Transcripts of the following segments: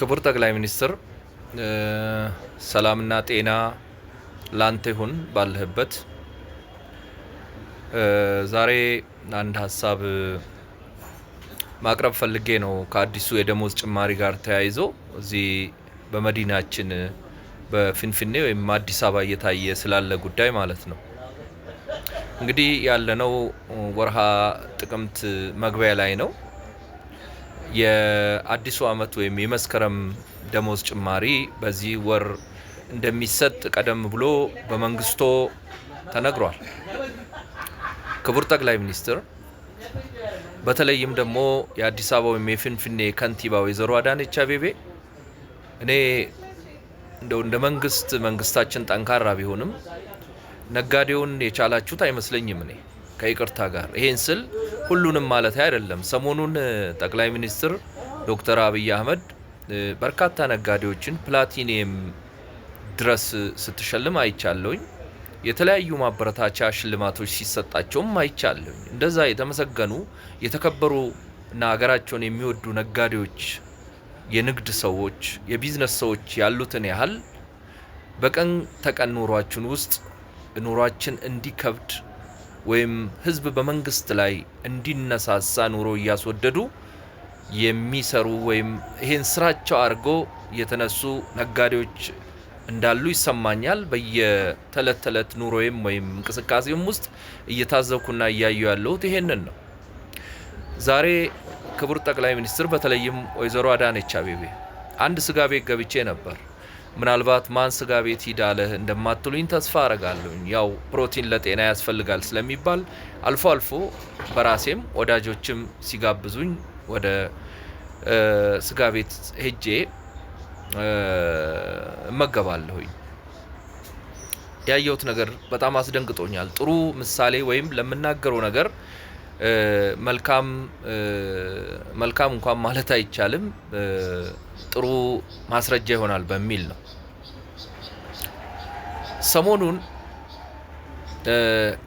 ክቡር ጠቅላይ ሚኒስትር ሰላምና ጤና ላንተ ይሁን ባለህበት። ዛሬ አንድ ሀሳብ ማቅረብ ፈልጌ ነው። ከአዲሱ የደሞዝ ጭማሪ ጋር ተያይዞ እዚህ በመዲናችን በፊንፊኔ ወይም አዲስ አበባ እየታየ ስላለ ጉዳይ ማለት ነው። እንግዲህ ያለነው ወርሃ ጥቅምት መግቢያ ላይ ነው። የአዲሱ ዓመት ወይም የመስከረም ደሞዝ ጭማሪ በዚህ ወር እንደሚሰጥ ቀደም ብሎ በመንግስቶ ተነግሯል። ክቡር ጠቅላይ ሚኒስትር በተለይም ደግሞ የአዲስ አበባ ወይም የፍንፍኔ ከንቲባ ወይዘሮ አዳነች አቤቤ እኔ እንደው እንደ መንግስት መንግስታችን ጠንካራ ቢሆንም ነጋዴውን የቻላችሁት አይመስለኝም እኔ ከይቅርታ ጋር ይሄን ስል ሁሉንም ማለት አይደለም። ሰሞኑን ጠቅላይ ሚኒስትር ዶክተር አብይ አህመድ በርካታ ነጋዴዎችን ፕላቲኒየም ድረስ ስትሸልም አይቻለውኝ። የተለያዩ ማበረታቻ ሽልማቶች ሲሰጣቸውም አይቻለውኝ። እንደዛ የተመሰገኑ የተከበሩ እና ሀገራቸውን የሚወዱ ነጋዴዎች፣ የንግድ ሰዎች፣ የቢዝነስ ሰዎች ያሉትን ያህል በቀን ተቀን ኑሯችን ውስጥ ኑሯችን እንዲከብድ ወይም ህዝብ በመንግስት ላይ እንዲነሳሳ ኑሮ እያስወደዱ የሚሰሩ ወይም ይሄን ስራቸው አድርጎ የተነሱ ነጋዴዎች እንዳሉ ይሰማኛል። በየተለት ተለት ኑሮዬም ወይም እንቅስቃሴም ውስጥ እየታዘብኩና እያዩ ያለሁት ይሄንን ነው። ዛሬ ክቡር ጠቅላይ ሚኒስትር በተለይም ወይዘሮ አዳነች አቤቤ አንድ ስጋ ቤት ገብቼ ነበር። ምናልባት ማን ስጋ ቤት ሂዳለህ እንደማትሉኝ ተስፋ አረጋለሁኝ። ያው ፕሮቲን ለጤና ያስፈልጋል ስለሚባል አልፎ አልፎ በራሴም ወዳጆችም ሲጋብዙኝ ወደ ስጋ ቤት ሄጄ እመገባለሁኝ። ያየሁት ነገር በጣም አስደንግጦኛል። ጥሩ ምሳሌ ወይም ለምናገረው ነገር መልካም መልካም እንኳን ማለት አይቻልም ጥሩ ማስረጃ ይሆናል በሚል ነው። ሰሞኑን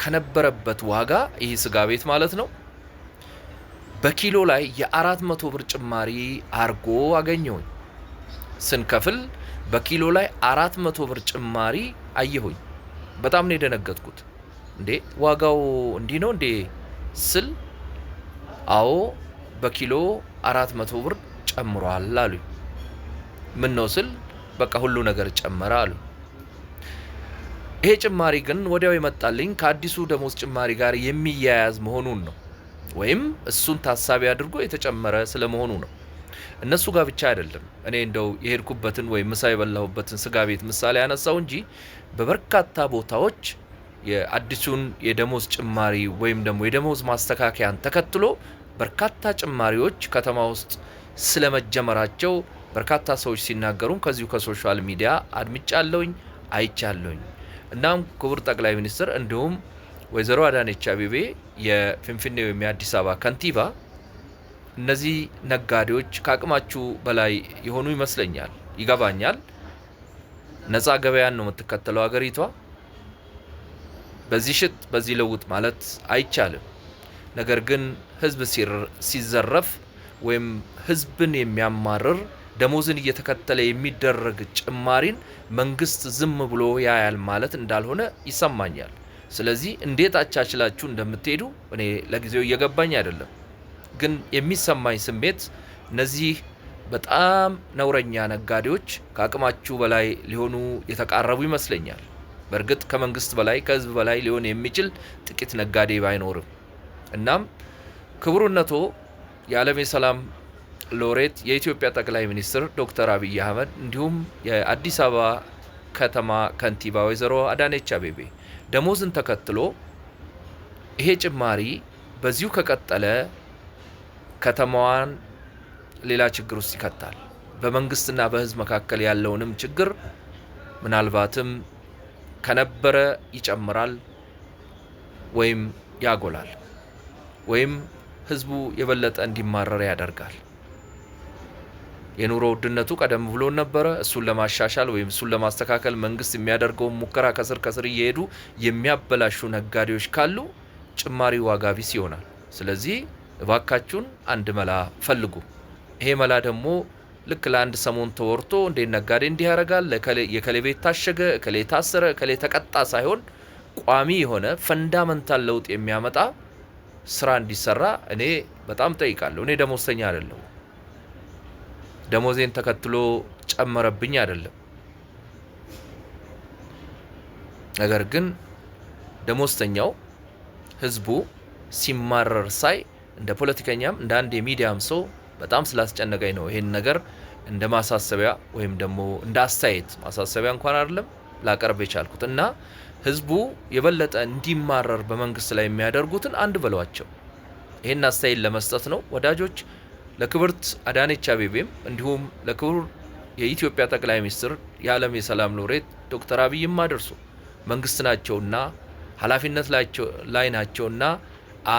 ከነበረበት ዋጋ ይህ ስጋ ቤት ማለት ነው በኪሎ ላይ የአራት መቶ ብር ጭማሪ አርጎ አገኘሁኝ። ስንከፍል በኪሎ ላይ አራት መቶ ብር ጭማሪ አየሁኝ። በጣም ነው የደነገጥኩት። እንዴ ዋጋው እንዲህ ነው እንዴ ስል አዎ በኪሎ አራት መቶ ብር ጨምሯል አሉ። ምን ነው ስል በቃ ሁሉ ነገር ጨመረ አሉ። ይሄ ጭማሪ ግን ወዲያው የመጣልኝ ከአዲሱ ደሞዝ ጭማሪ ጋር የሚያያዝ መሆኑን ነው፣ ወይም እሱን ታሳቢ አድርጎ የተጨመረ ስለመሆኑ ነው። እነሱ ጋር ብቻ አይደለም። እኔ እንደው የሄድኩበትን ወይም ምሳ የበላሁበትን ስጋ ቤት ምሳሌ ያነሳው እንጂ በበርካታ ቦታዎች የአዲሱን የደሞዝ ጭማሪ ወይም ደግሞ የደሞዝ ማስተካከያን ተከትሎ በርካታ ጭማሪዎች ከተማ ውስጥ ስለመጀመራቸው በርካታ ሰዎች ሲናገሩም ከዚሁ ከሶሻል ሚዲያ አድምጫለሁኝ አይቻለሁኝ። እናም ክቡር ጠቅላይ ሚኒስትር እንዲሁም ወይዘሮ አዳነች አቤቤ የፊንፊኔ ወይም የአዲስ አበባ ከንቲባ እነዚህ ነጋዴዎች ከአቅማችሁ በላይ የሆኑ ይመስለኛል፣ ይገባኛል። ነፃ ገበያን ነው የምትከተለው ሀገሪቷ በዚህ ሽጥ በዚህ ለውጥ ማለት አይቻልም። ነገር ግን ህዝብ ሲዘረፍ ወይም ህዝብን የሚያማርር ደሞዝን እየተከተለ የሚደረግ ጭማሪን መንግስት ዝም ብሎ ያያል ማለት እንዳልሆነ ይሰማኛል። ስለዚህ እንዴት አቻችላችሁ እንደምትሄዱ እኔ ለጊዜው እየገባኝ አይደለም። ግን የሚሰማኝ ስሜት እነዚህ በጣም ነውረኛ ነጋዴዎች ከአቅማችሁ በላይ ሊሆኑ የተቃረቡ ይመስለኛል። በእርግጥ ከመንግስት በላይ ከህዝብ በላይ ሊሆን የሚችል ጥቂት ነጋዴ ባይኖርም እናም ክቡርነቶ የዓለም የሰላም ሎሬት የኢትዮጵያ ጠቅላይ ሚኒስትር ዶክተር አብይ አህመድ እንዲሁም የአዲስ አበባ ከተማ ከንቲባ ወይዘሮ አዳነች አቤቤ ደሞዝን ተከትሎ ይሄ ጭማሪ በዚሁ ከቀጠለ ከተማዋን ሌላ ችግር ውስጥ ይከታል። በመንግስትና በህዝብ መካከል ያለውንም ችግር ምናልባትም ከነበረ ይጨምራል ወይም ያጎላል ወይም ህዝቡ የበለጠ እንዲማረር ያደርጋል። የኑሮ ውድነቱ ቀደም ብሎ ነበረ። እሱን ለማሻሻል ወይም እሱን ለማስተካከል መንግስት የሚያደርገውን ሙከራ ከስር ከስር እየሄዱ የሚያበላሹ ነጋዴዎች ካሉ ጭማሪ ዋጋ ቢስ ይሆናል። ስለዚህ እባካችሁን አንድ መላ ፈልጉ። ይሄ መላ ደግሞ ልክ ለአንድ ሰሞን ተወርቶ እንዴ ነጋዴ እንዲህ ያደርጋል፣ የከሌ ቤት ታሸገ፣ እከሌ ታሰረ፣ እከሌ ተቀጣ ሳይሆን ቋሚ የሆነ ፈንዳመንታል ለውጥ የሚያመጣ ስራ እንዲሰራ እኔ በጣም ጠይቃለሁ። እኔ ደሞዝተኛ አይደለሁ። ደሞዜን ተከትሎ ጨመረብኝ አይደለም። ነገር ግን ደሞዝተኛው ህዝቡ ሲማረር ሳይ እንደ ፖለቲከኛም እንደ አንድ የሚዲያም ሰው በጣም ስላስጨነቀኝ ነው ይሄን ነገር እንደ ማሳሰቢያ ወይም ደግሞ እንደ አስተያየት ማሳሰቢያ እንኳን አይደለም ላቀርብ የቻልኩት እና ህዝቡ የበለጠ እንዲማረር በመንግስት ላይ የሚያደርጉትን አንድ በሏቸው። ይህን አስተያየት ለመስጠት ነው ወዳጆች። ለክብርት አዳነች አቤቤም እንዲሁም ለክቡር የኢትዮጵያ ጠቅላይ ሚኒስትር የዓለም የሰላም ሎሬት ዶክተር አብይም አደርሱ መንግስት ናቸውና ኃላፊነት ላይ ናቸውና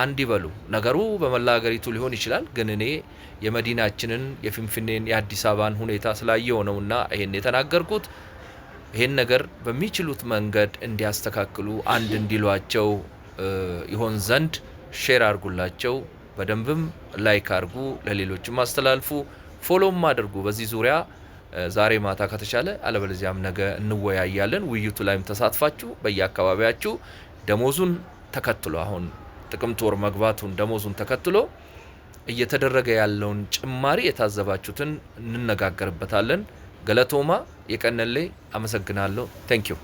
አንድ ይበሉ። ነገሩ በመላ ሀገሪቱ ሊሆን ይችላል፣ ግን እኔ የመዲናችንን የፊንፊኔን የአዲስ አበባን ሁኔታ ስላየው ነውና ይሄን የተናገርኩት። ይሄን ነገር በሚችሉት መንገድ እንዲያስተካክሉ አንድ እንዲሏቸው ይሆን ዘንድ ሼር አርጉላቸው በደንብም ላይክ አርጉ፣ ለሌሎችም አስተላልፉ፣ ፎሎም አድርጉ። በዚህ ዙሪያ ዛሬ ማታ ከተቻለ አለበለዚያም ነገ እንወያያለን። ውይይቱ ላይም ተሳትፋችሁ በየአካባቢያችሁ ደሞዙን ተከትሎ አሁን ጥቅምት ወር መግባቱን ደሞዙን ተከትሎ እየተደረገ ያለውን ጭማሪ የታዘባችሁትን እንነጋገርበታለን። ገለቶማ የቀነሌ አመሰግናለሁ። ቴንኪዩ